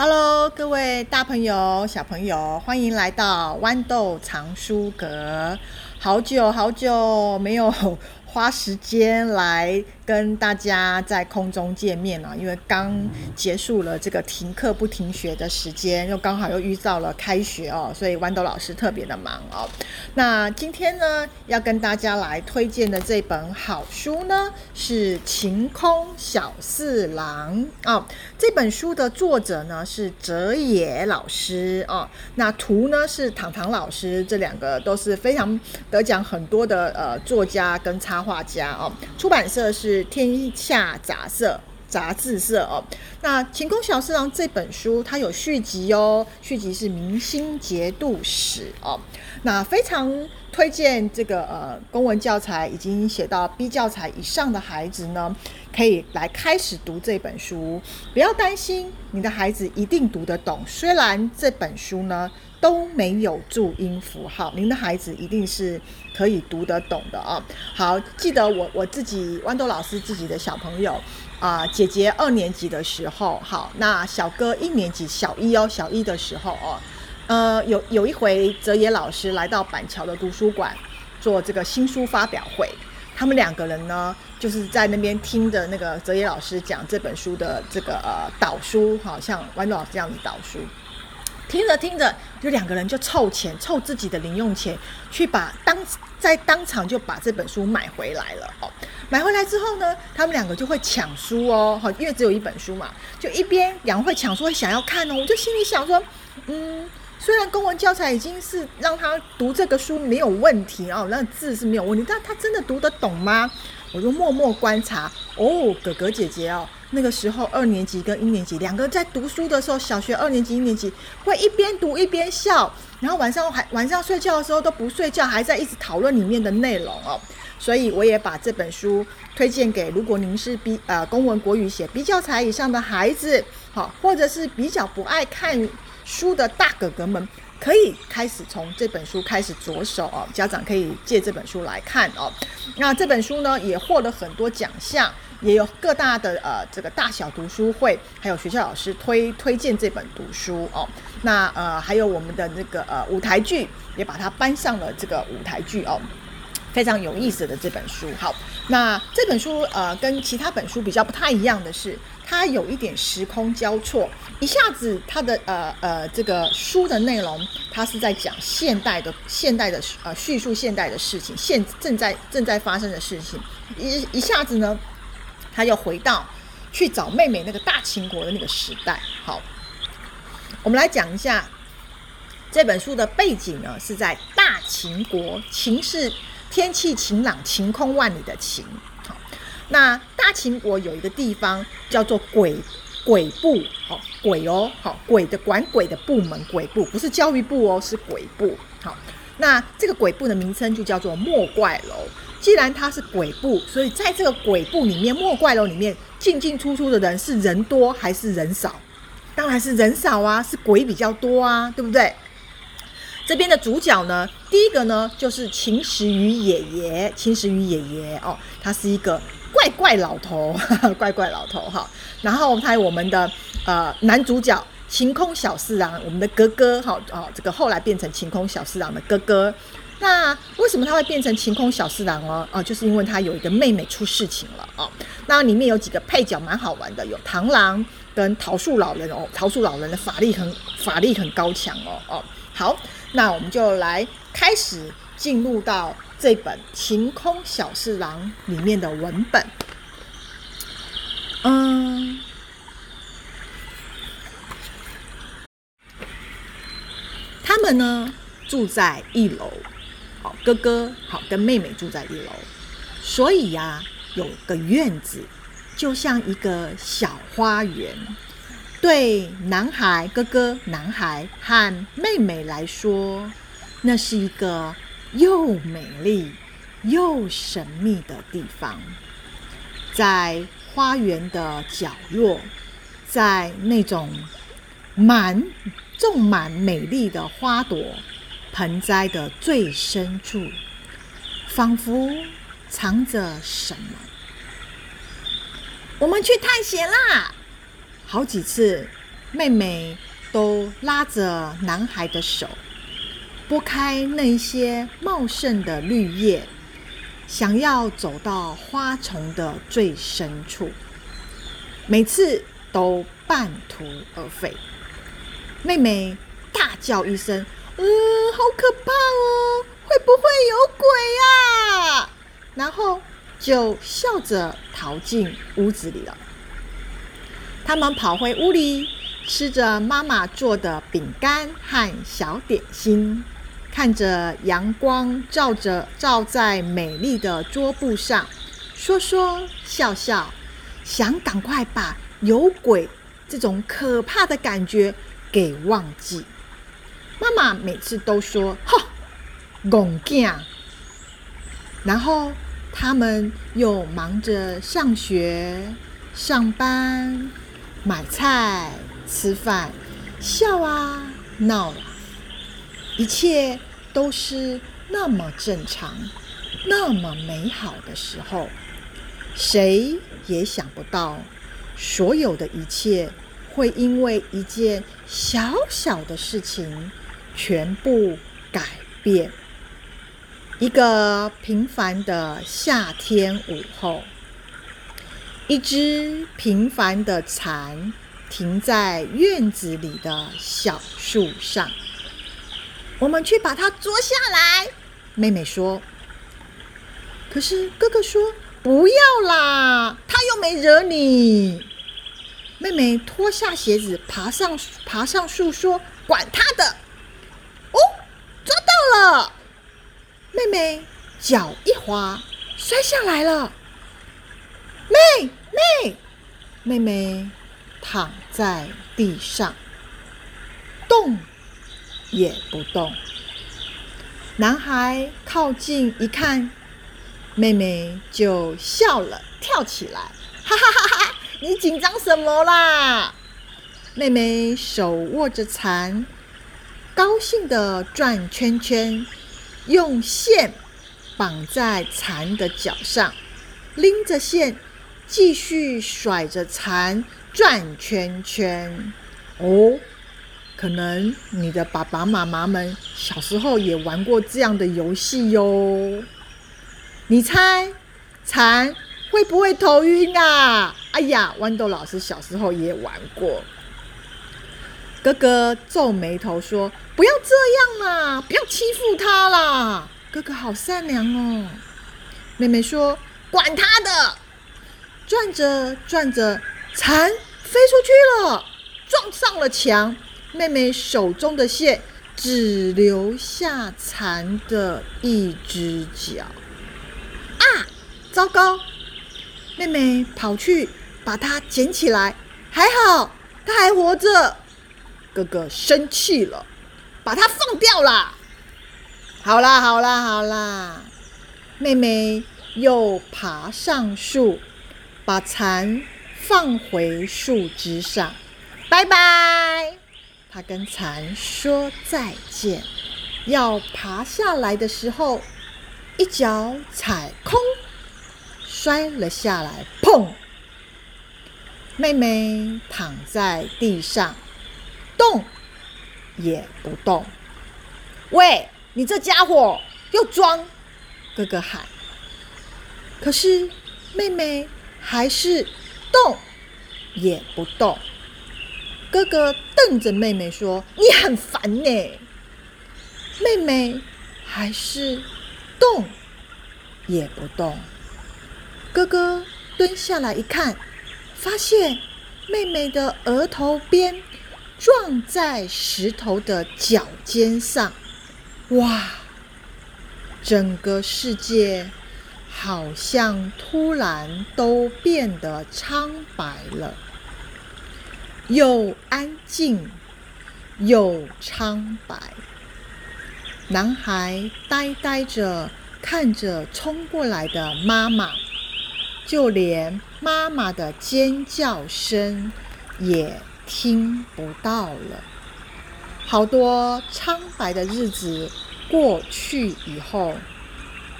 Hello，各位大朋友、小朋友，歡迎來到豌豆藏書閣。好久好久沒有，花時間來跟大家在空中見面啊，因為剛結束了這個停課不停學的時間，又剛好又遇到了開學哦，所以豌豆老師特別的忙哦。那今天呢，要跟大家來推薦的這本好書呢，是《晴空小侍郎》啊，哦，這本書的作者呢是哲也老師哦，那圖呢是唐唐老師，這兩個都是非常得獎很多的呃作家跟插。畫家哦，出版社是天下雜社雜誌社哦。那《晴空小侍郎》這本書，它有續集哦，續集是《明星節度使》哦。那非常。推薦這個呃，公文教材已經寫到 B 教材以上的孩子呢，可以來開始讀這本書。不要擔心，你的孩子一定讀得懂。雖然這本書呢都沒有注音符號，您的孩子一定是可以讀得懂的啊、哦。好，記得我我自己豌豆老師自己的小朋友啊、呃，姐姐二年級的時候，好，那小哥一年級，小一哦，小一的時候哦。呃，有有一回，哲也老師來到板橋的圖書館做這個新書發表會，他們兩個人呢，就是在那邊聽着那個哲也老師講這本書的這個呃導書，好像豌豆老師這樣子導書，聽着聽着，就兩個人就湊錢，湊自己的零用錢去把當在當場就把這本書買回來了哦。買回來之後呢，他們兩個就會搶書哦，因為只有一本書嘛，就一邊兩人會搶書，會想要看哦。我就心裡想說，嗯。雖然公文教材已經是讓他讀這個書沒有問題哦，那字是沒有問題，但他真的讀得懂嗎？我就默默觀察哦，哥哥姐姐哦，那個時候二年級跟一年級兩個在讀書的時候，小學二年級一年級會一邊讀一邊笑，然後晚上還晚上睡覺的時候都不睡覺，還在一直討論裡面的內容哦。所以我也把這本書推薦給，如果您是 B 呃公文國語寫 B 教材以上的孩子，好、哦，或者是比較不愛看書的大哥哥們，可以開始從這本書開始着手哦。家長可以借這本書來看哦。那這本書呢，也獲了很多獎項，也有各大的呃這個大小讀書會，還有學校老師推推薦這本讀書哦。那呃，還有我們的那個呃舞台劇，也把它搬上了這個舞台劇哦。非常有意思的這本書。好，那這本書呃，跟其他本書比較不太一樣的是，它有一點時空交錯，一下子它的呃呃這個書的內容，它是在講現代的現代的呃敘述現代的事情，現正在正在發生的事情，一一下子呢，他又回到去找妹妹那個大秦國的那個時代。好，我們來講一下這本書的背景呢，是在大秦國秦氏。天氣晴朗，晴空萬里的晴。好，那大秦國有一個地方叫做鬼鬼部哦，鬼哦，好，鬼的管鬼的部門鬼部，不是教育部哦，是鬼部。好，那這個鬼部的名稱就叫做莫怪樓。既然它是鬼部，所以在這個鬼部裡面，莫怪樓裡面進進出出的人是人多還是人少？當然是人少啊，是鬼比較多啊，對不對？這邊的主角呢，第一個呢就是秦時雨爺爺，秦時雨爺爺哦，他是一個怪怪老頭，呵呵怪怪老頭哈、哦。然後還有我們的呃男主角晴空小侍郎，我們的哥哥哈、哦，哦，這個後來變成晴空小侍郎的哥哥。那為什麼他會變成晴空小侍郎呢？哦，就是因為他有一個妹妹出事情了哦。那裡面有幾個配角蠻好玩的，有螳螂跟桃樹老人哦，桃樹老人的法力很法力很高強哦哦。哦好，那我們就來開始進入到這本《晴空小侍郎》裡面的文本。嗯，他們呢住在一樓，好哥哥好跟妹妹住在一樓，所以呀，啊，有個院子，就像一個小花園。對男孩、哥哥、男孩和妹妹來說，那是一個又美麗又神秘的地方。在花園的角落，在那種滿種滿美麗的花朵盆栽的最深處，仿佛藏着什麼。我們去探險啦！好幾次，妹妹都拉着男孩的手，撥開那些茂盛的綠葉，想要走到花叢的最深處，每次都半途而廢。妹妹大叫一聲：“嗯，好可怕哦！會不會有鬼啊？”然後就笑着逃進屋子裡了。他們跑回屋裡，吃着媽媽做的餅乾和小點心，看着陽光照着照在美麗的桌布上，說說笑笑，想趕快把有鬼這種可怕的感覺給忘記。媽媽每次都說：“吼，戇囝。”然後他們又忙着上學、上班。買菜、吃飯、笑啊、鬧啊，一切都是那麼正常，那麼美好的時候，誰也想不到，所有的一切會因為一件小小的事情全部改變。一個平凡的夏天午後。一隻平凡的蟬停在院子裡的小樹上，我們去把它捉下來。妹妹說：“可是哥哥說不要啦，他又沒惹你。”妹妹脫下鞋子，爬上爬上樹，說：“管他的！”哦，抓到了！妹妹腳一滑，摔下來了。妹。.妹妹，妹妹躺在地上，動也不動。男孩靠近一看，妹妹就笑了，跳起來，哈哈哈哈！你緊張什麼啦？妹妹手握着蠶，高興地轉圈圈，用線綁在蠶的腳上，拎着線。繼續甩着蠶轉圈圈哦，可能你的爸爸媽媽們小時候也玩過這樣的遊戲喲。你猜蠶會不會頭暈啊？哎呀，豌豆老師小時候也玩過。哥哥皺眉頭說：“不要這樣啦、啊，不要欺負他啦。”哥哥好善良哦。妹妹說：“管他的。”轉着轉着，蠶飛出去了，撞上了牆。妹妹手中的線只留下蠶的一隻腳。啊！糟糕！妹妹跑去把它撿起來，還好它還活着。哥哥生氣了，把它放掉了。好啦好啦好啦，妹妹又爬上樹。把蟬放回樹枝上，拜拜。他跟蟬說再見。要爬下來的時候，一腳踩空，摔了下來，砰！妹妹躺在地上，動也不動。喂，你這家伙又裝！哥哥喊。可是妹妹。還是動也不動，哥哥瞪着妹妹說：“你很煩呢、欸。”妹妹還是動也不動，哥哥蹲下來一看，發現妹妹的額頭邊撞在石頭的腳尖上。哇！整個世界。好像突然都變得蒼白了又、又安靜又蒼白。男孩呆呆着看着衝過來的媽媽，就連媽媽的尖叫聲也聽不到了。好多蒼白的日子過去以後，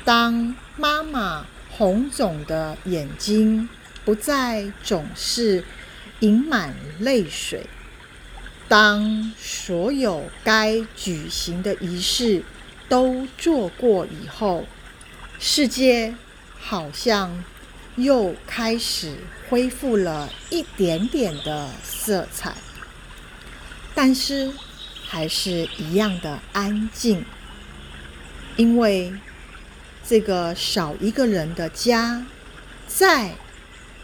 當，媽媽紅腫的眼睛不再總是盈滿淚水。當所有該舉行的儀式都做過以後，世界好像又開始恢復了一點點的色彩，但是還是一樣的安靜，因為。這個少一個人的家，再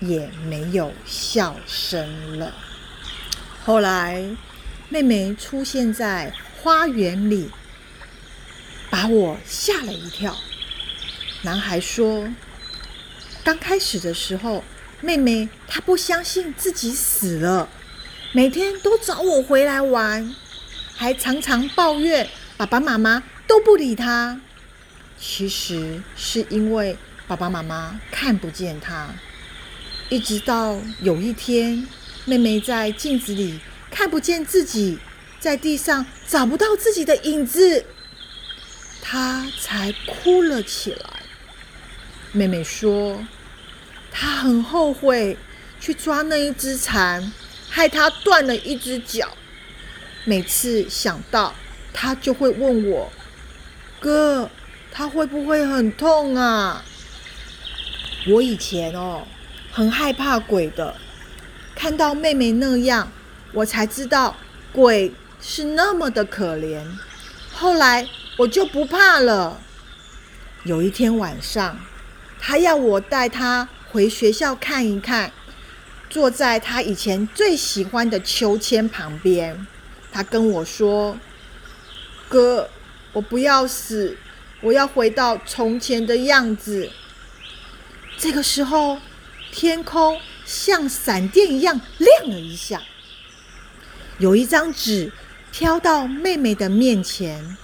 也沒有笑聲了。後來，妹妹出現在花園裡，把我嚇了一跳。男孩說：“剛開始的時候，妹妹她不相信自己死了，每天都找我回來玩，還常常抱怨爸爸媽媽都不理她。”其實是因為爸爸媽媽看不見他，一直到有一天，妹妹在鏡子裡看不見自己，在地上找不到自己的影子，她才哭了起來。妹妹說：“她很後悔去抓那一隻蟬，害她斷了一隻腳。每次想到，她就會問我，哥。”他會不會很痛啊？我以前哦，很害怕鬼的，看到妹妹那樣，我才知道鬼是那麼的可憐。後來我就不怕了。有一天晚上，他要我帶他回學校看一看，坐在他以前最喜歡的秋千旁邊，他跟我說：“哥，我不要死。”我要回到從前的樣子。這個時候，天空像閃電一樣亮了一下。有一張紙飄到妹妹的面前，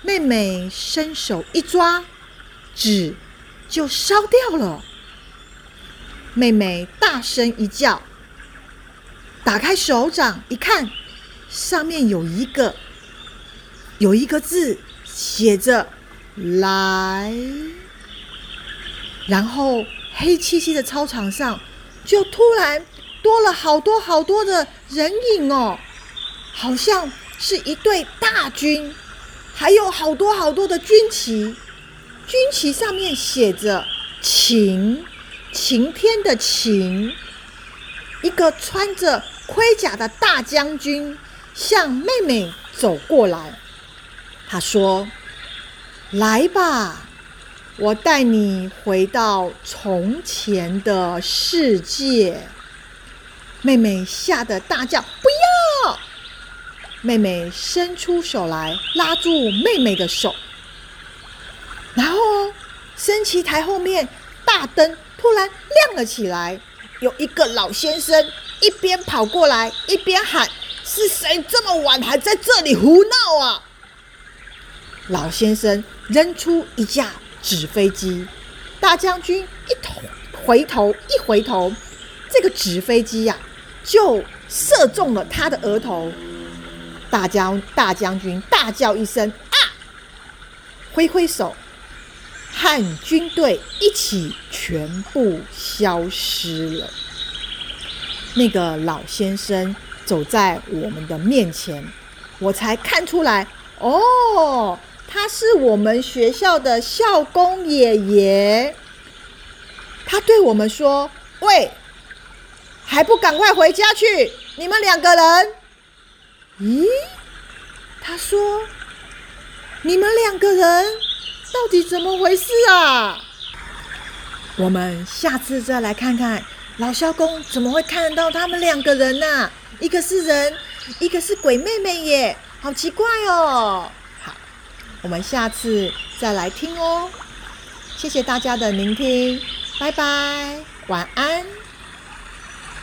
妹妹伸手一抓，紙就燒掉了。妹妹大聲一叫，打開手掌一看，上面有一個，有一個字寫着。來，然後黑漆漆的操場上，就突然多了好多好多的人影哦，好像是一隊大軍，還有好多好多的軍旗，軍旗上面寫着“晴”，晴天的“晴”。一個穿着盔甲的大將軍向妹妹走過來，他說。來吧，我帶你回到從前的世界。妹妹嚇得大叫：“不要！”妹妹伸出手來拉住妹妹的手，然後、哦、升旗台後面大燈突然亮了起來。有一個老先生一邊跑過來一邊喊：“是誰這麼晚還在這裡胡鬧啊？”老先生。扔出一架紙飛機，大將軍一頭回頭一回頭，這個紙飛機呀、啊，就射中了他的額頭。大將大將軍大叫一聲啊，揮揮手，和軍隊一起全部消失了。那個老先生走在我們的面前，我才看出來哦。他是我們學校的校工爺爺，他對我們說：“喂，還不趕快回家去！你們兩個人，咦？他說，你們兩個人到底怎麼回事啊？我們下次再來看看老校工怎麼會看到他們兩個人呢、啊？一個是人，一個是鬼妹妹耶，好奇怪哦！”我們下次再來聽哦，謝謝大家的聆聽，拜拜，晚安。